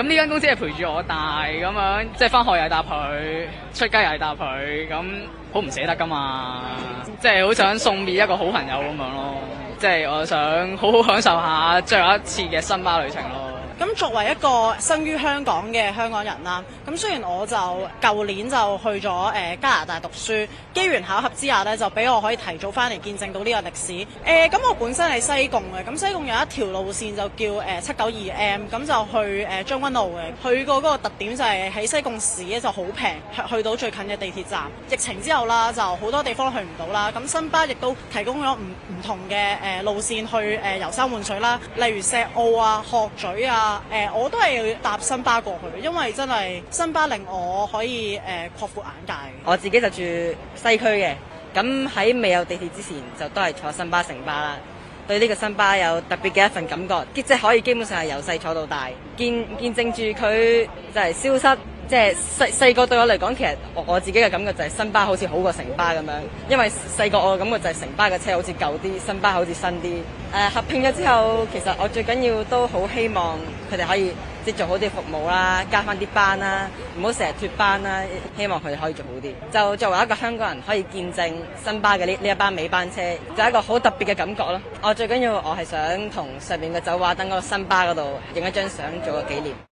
咁呢間公司係陪住我大咁樣，即係返學又搭佢，出街又搭佢，咁好唔捨得噶嘛，即係好想送別一個好朋友咁樣咯，即係我想好好享受下最後一次嘅新巴旅程咯。作為一個生於香港嘅香港人啦，咁雖然我就舊年就去咗誒、呃、加拿大讀書，機緣巧合之下咧，就俾我可以提早翻嚟見證到呢個歷史。誒、呃、咁我本身係西貢嘅，咁西貢有一條路線就叫誒、呃、七九二 M，咁就去誒將軍澳嘅。去過嗰個特點就係喺西貢市就好平，去到最近嘅地鐵站。疫情之後啦，就好多地方都去唔到啦。咁新巴亦都提供咗唔唔同嘅誒、呃、路線去誒遊、呃、山玩水啦，例如石澳啊、鶴嘴嘴啊、鶴咀啊。呃，我都係要搭新巴過去，因為真係新巴令我可以誒擴闊眼界。我自己就住西區嘅，咁喺未有地鐵之前就都係坐新巴、城巴啦。對呢個新巴有特別嘅一份感覺，即係可以基本上係由細坐到大，見見證住佢就係消失。即係細細個對我嚟講，其實我我自己嘅感覺就係、是、新巴好似好過城巴咁樣，因為細個我嘅感覺就係、是、城巴嘅車好似舊啲，新巴好似新啲。誒、呃、合併咗之後，其實我最緊要都好希望佢哋可以即做好啲服務啦，加翻啲班啦，唔好成日脱班啦。希望佢哋可以做好啲。就作為一個香港人，可以見證新巴嘅呢呢一班尾班車，就係一個好特別嘅感覺咯。我最緊要我係想同上面嘅走馬燈嗰個新巴嗰度影一張相，做個紀念。